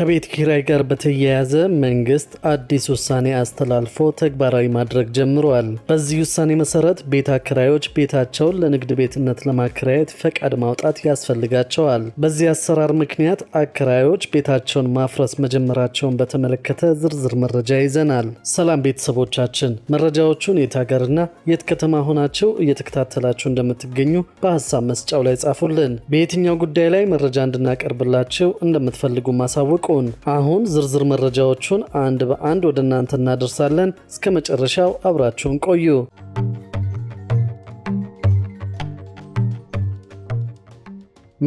ከቤት ኪራይ ጋር በተያያዘ መንግስት አዲስ ውሳኔ አስተላልፎ ተግባራዊ ማድረግ ጀምሯል። በዚህ ውሳኔ መሰረት ቤት አከራዮች ቤታቸውን ለንግድ ቤትነት ለማከራየት ፈቃድ ማውጣት ያስፈልጋቸዋል። በዚህ አሰራር ምክንያት አከራዮች ቤታቸውን ማፍረስ መጀመራቸውን በተመለከተ ዝርዝር መረጃ ይዘናል። ሰላም ቤተሰቦቻችን፣ መረጃዎቹን የት ሀገርና የት ከተማ ሆናችሁ እየተከታተላችሁ እንደምትገኙ በሀሳብ መስጫው ላይ ጻፉልን። በየትኛው ጉዳይ ላይ መረጃ እንድናቀርብላችሁ እንደምትፈልጉ ማሳወቅ ጠብቁን። አሁን ዝርዝር መረጃዎቹን አንድ በአንድ ወደ እናንተ እናደርሳለን። እስከ መጨረሻው አብራችሁን ቆዩ።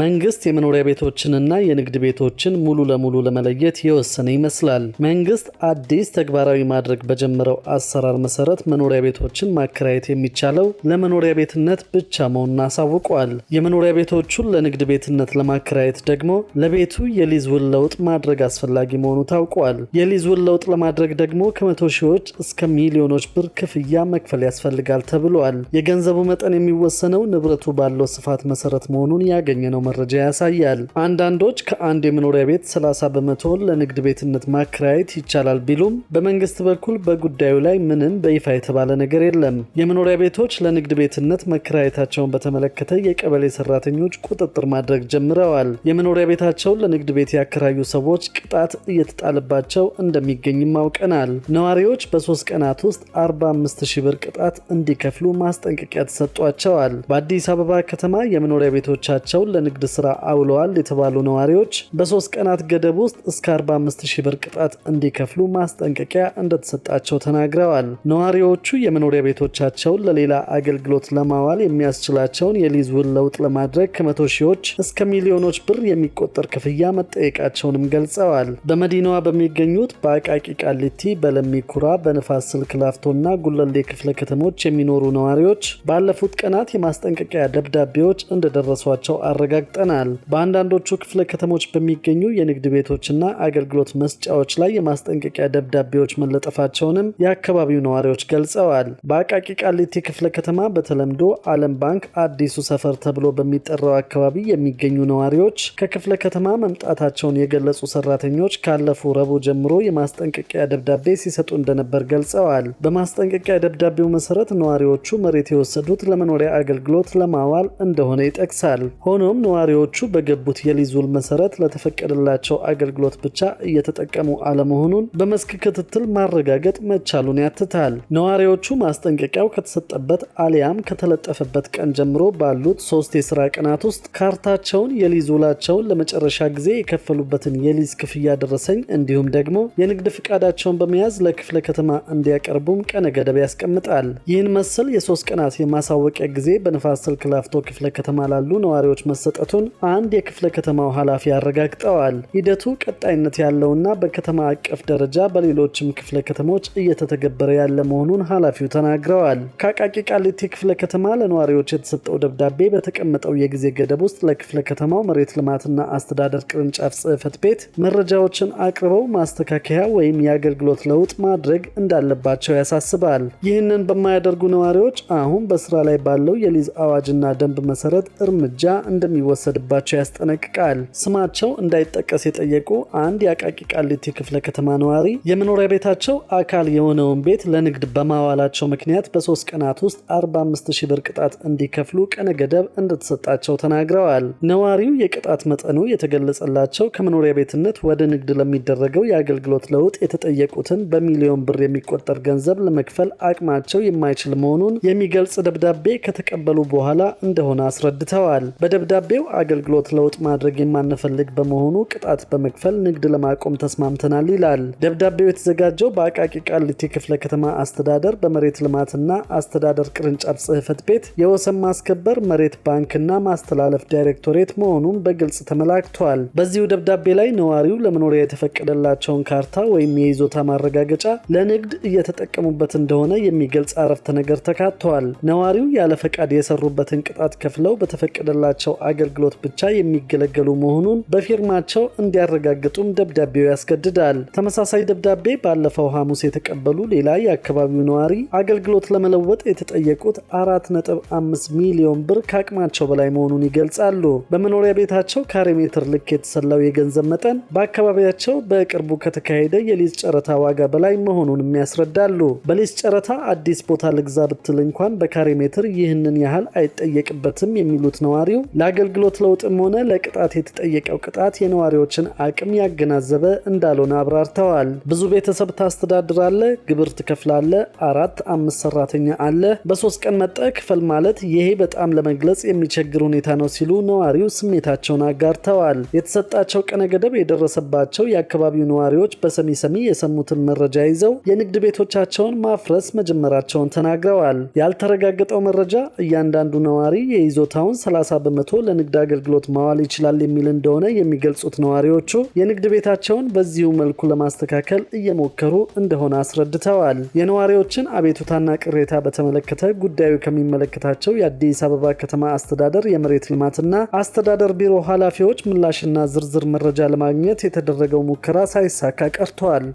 መንግስት የመኖሪያ ቤቶችንና የንግድ ቤቶችን ሙሉ ለሙሉ ለመለየት የወሰነ ይመስላል። መንግስት አዲስ ተግባራዊ ማድረግ በጀመረው አሰራር መሰረት መኖሪያ ቤቶችን ማከራየት የሚቻለው ለመኖሪያ ቤትነት ብቻ መሆኑን አሳውቋል። የመኖሪያ ቤቶቹን ለንግድ ቤትነት ለማከራየት ደግሞ ለቤቱ የሊዝ ውል ለውጥ ማድረግ አስፈላጊ መሆኑ ታውቋል። የሊዝ ውል ለውጥ ለማድረግ ደግሞ ከመቶ ሺዎች እስከ ሚሊዮኖች ብር ክፍያ መክፈል ያስፈልጋል ተብሏል። የገንዘቡ መጠን የሚወሰነው ንብረቱ ባለው ስፋት መሰረት መሆኑን ያገኘ ነው ያገኘው መረጃ ያሳያል። አንዳንዶች ከአንድ የመኖሪያ ቤት 30 በመቶ ለንግድ ቤትነት ማከራየት ይቻላል ቢሉም በመንግስት በኩል በጉዳዩ ላይ ምንም በይፋ የተባለ ነገር የለም። የመኖሪያ ቤቶች ለንግድ ቤትነት መከራየታቸውን በተመለከተ የቀበሌ ሰራተኞች ቁጥጥር ማድረግ ጀምረዋል። የመኖሪያ ቤታቸውን ለንግድ ቤት ያከራዩ ሰዎች ቅጣት እየተጣለባቸው እንደሚገኝም አውቀናል። ነዋሪዎች በሶስት ቀናት ውስጥ 45 ሺህ ብር ቅጣት እንዲከፍሉ ማስጠንቀቂያ ተሰጧቸዋል። በአዲስ አበባ ከተማ የመኖሪያ ቤቶቻቸውን ለንግድ ስራ አውለዋል የተባሉ ነዋሪዎች በሶስት ቀናት ገደብ ውስጥ እስከ 45 ሺህ ብር ቅጣት እንዲከፍሉ ማስጠንቀቂያ እንደተሰጣቸው ተናግረዋል። ነዋሪዎቹ የመኖሪያ ቤቶቻቸውን ለሌላ አገልግሎት ለማዋል የሚያስችላቸውን የሊዝ ውል ለውጥ ለማድረግ ከመቶ ሺዎች እስከ ሚሊዮኖች ብር የሚቆጠር ክፍያ መጠየቃቸውንም ገልጸዋል። በመዲናዋ በሚገኙት በአቃቂ ቃሊቲ፣ በለሚ ኩራ፣ በንፋስ ስልክ ላፍቶና ጉለሌ ክፍለ ከተሞች የሚኖሩ ነዋሪዎች ባለፉት ቀናት የማስጠንቀቂያ ደብዳቤዎች እንደደረሷቸው አረጋግጠዋል። አረጋግጠናል። በአንዳንዶቹ ክፍለ ከተሞች በሚገኙ የንግድ ቤቶችና አገልግሎት መስጫዎች ላይ የማስጠንቀቂያ ደብዳቤዎች መለጠፋቸውንም የአካባቢው ነዋሪዎች ገልጸዋል። በአቃቂ ቃሊቲ ክፍለ ከተማ በተለምዶ ዓለም ባንክ አዲሱ ሰፈር ተብሎ በሚጠራው አካባቢ የሚገኙ ነዋሪዎች ከክፍለ ከተማ መምጣታቸውን የገለጹ ሰራተኞች ካለፉ ረቡዕ ጀምሮ የማስጠንቀቂያ ደብዳቤ ሲሰጡ እንደነበር ገልጸዋል። በማስጠንቀቂያ ደብዳቤው መሰረት ነዋሪዎቹ መሬት የወሰዱት ለመኖሪያ አገልግሎት ለማዋል እንደሆነ ይጠቅሳል። ሆኖም ነዋሪዎቹ በገቡት የሊዝ ውል መሰረት ለተፈቀደላቸው አገልግሎት ብቻ እየተጠቀሙ አለመሆኑን በመስክ ክትትል ማረጋገጥ መቻሉን ያትታል። ነዋሪዎቹ ማስጠንቀቂያው ከተሰጠበት አሊያም ከተለጠፈበት ቀን ጀምሮ ባሉት ሶስት የስራ ቀናት ውስጥ ካርታቸውን፣ የሊዝ ውላቸውን፣ ለመጨረሻ ጊዜ የከፈሉበትን የሊዝ ክፍያ ደረሰኝ እንዲሁም ደግሞ የንግድ ፍቃዳቸውን በመያዝ ለክፍለ ከተማ እንዲያቀርቡም ቀነ ገደብ ያስቀምጣል። ይህን መሰል የሶስት ቀናት የማሳወቂያ ጊዜ በንፋስ ስልክ ላፍቶ ክፍለ ከተማ ላሉ ነዋሪዎች መሰጠ መሰጠቱን አንድ የክፍለ ከተማው ኃላፊ አረጋግጠዋል። ሂደቱ ቀጣይነት ያለውና በከተማ አቀፍ ደረጃ በሌሎችም ክፍለ ከተሞች እየተተገበረ ያለ መሆኑን ኃላፊው ተናግረዋል። ከአቃቂ ቃሊቲ ክፍለ ከተማ ለነዋሪዎች የተሰጠው ደብዳቤ በተቀመጠው የጊዜ ገደብ ውስጥ ለክፍለ ከተማው መሬት ልማትና አስተዳደር ቅርንጫፍ ጽሕፈት ቤት መረጃዎችን አቅርበው ማስተካከያ ወይም የአገልግሎት ለውጥ ማድረግ እንዳለባቸው ያሳስባል። ይህንን በማያደርጉ ነዋሪዎች አሁን በስራ ላይ ባለው የሊዝ አዋጅና ደንብ መሰረት እርምጃ እንደሚ እንደሚወሰድባቸው ያስጠነቅቃል። ስማቸው እንዳይጠቀስ የጠየቁ አንድ የአቃቂ ቃሊቲ ክፍለ ከተማ ነዋሪ የመኖሪያ ቤታቸው አካል የሆነውን ቤት ለንግድ በማዋላቸው ምክንያት በሶስት ቀናት ውስጥ 45 ሺህ ብር ቅጣት እንዲከፍሉ ቀነ ገደብ እንደተሰጣቸው ተናግረዋል። ነዋሪው የቅጣት መጠኑ የተገለጸላቸው ከመኖሪያ ቤትነት ወደ ንግድ ለሚደረገው የአገልግሎት ለውጥ የተጠየቁትን በሚሊዮን ብር የሚቆጠር ገንዘብ ለመክፈል አቅማቸው የማይችል መሆኑን የሚገልጽ ደብዳቤ ከተቀበሉ በኋላ እንደሆነ አስረድተዋል። በደብዳቤ በደብዳቤው አገልግሎት ለውጥ ማድረግ የማንፈልግ በመሆኑ ቅጣት በመክፈል ንግድ ለማቆም ተስማምተናል ይላል። ደብዳቤው የተዘጋጀው በአቃቂ ቃሊቲ ክፍለ ከተማ አስተዳደር በመሬት ልማትና አስተዳደር ቅርንጫፍ ጽህፈት ቤት የወሰን ማስከበር መሬት ባንክና ማስተላለፍ ዳይሬክቶሬት መሆኑን በግልጽ ተመላክቷል። በዚሁ ደብዳቤ ላይ ነዋሪው ለመኖሪያ የተፈቀደላቸውን ካርታ ወይም የይዞታ ማረጋገጫ ለንግድ እየተጠቀሙበት እንደሆነ የሚገልጽ አረፍተ ነገር ተካቷል። ነዋሪው ያለ ፈቃድ የሰሩበትን ቅጣት ከፍለው በተፈቀደላቸው አገ አገልግሎት ብቻ የሚገለገሉ መሆኑን በፊርማቸው እንዲያረጋግጡም ደብዳቤው ያስገድዳል። ተመሳሳይ ደብዳቤ ባለፈው ሐሙስ የተቀበሉ ሌላ የአካባቢው ነዋሪ አገልግሎት ለመለወጥ የተጠየቁት 4.5 ሚሊዮን ብር ከአቅማቸው በላይ መሆኑን ይገልጻሉ። በመኖሪያ ቤታቸው ካሬ ሜትር ልክ የተሰላው የገንዘብ መጠን በአካባቢያቸው በቅርቡ ከተካሄደ የሊዝ ጨረታ ዋጋ በላይ መሆኑንም ያስረዳሉ። በሊዝ ጨረታ አዲስ ቦታ ልግዛ ብትል እንኳን በካሬ ሜትር ይህንን ያህል አይጠየቅበትም የሚሉት ነዋሪው ለአገልግሎ የአገልግሎት ለውጥም ሆነ ለቅጣት የተጠየቀው ቅጣት የነዋሪዎችን አቅም ያገናዘበ እንዳልሆነ አብራርተዋል። ብዙ ቤተሰብ ታስተዳድራለ፣ ግብር ትከፍላለ፣ አራት አምስት ሰራተኛ አለ፣ በሶስት ቀን መጠ ክፈል ማለት ይሄ በጣም ለመግለጽ የሚቸግር ሁኔታ ነው ሲሉ ነዋሪው ስሜታቸውን አጋርተዋል። የተሰጣቸው ቀነ ገደብ የደረሰባቸው የአካባቢው ነዋሪዎች በሰሚ ሰሚ የሰሙትን መረጃ ይዘው የንግድ ቤቶቻቸውን ማፍረስ መጀመራቸውን ተናግረዋል። ያልተረጋገጠው መረጃ እያንዳንዱ ነዋሪ የይዞታውን 30 በመቶ ለ። ለንግድ አገልግሎት ማዋል ይችላል የሚል እንደሆነ የሚገልጹት ነዋሪዎቹ የንግድ ቤታቸውን በዚሁ መልኩ ለማስተካከል እየሞከሩ እንደሆነ አስረድተዋል። የነዋሪዎችን አቤቱታና ቅሬታ በተመለከተ ጉዳዩ ከሚመለከታቸው የአዲስ አበባ ከተማ አስተዳደር የመሬት ልማትና አስተዳደር ቢሮ ኃላፊዎች ምላሽና ዝርዝር መረጃ ለማግኘት የተደረገው ሙከራ ሳይሳካ ቀርቷል።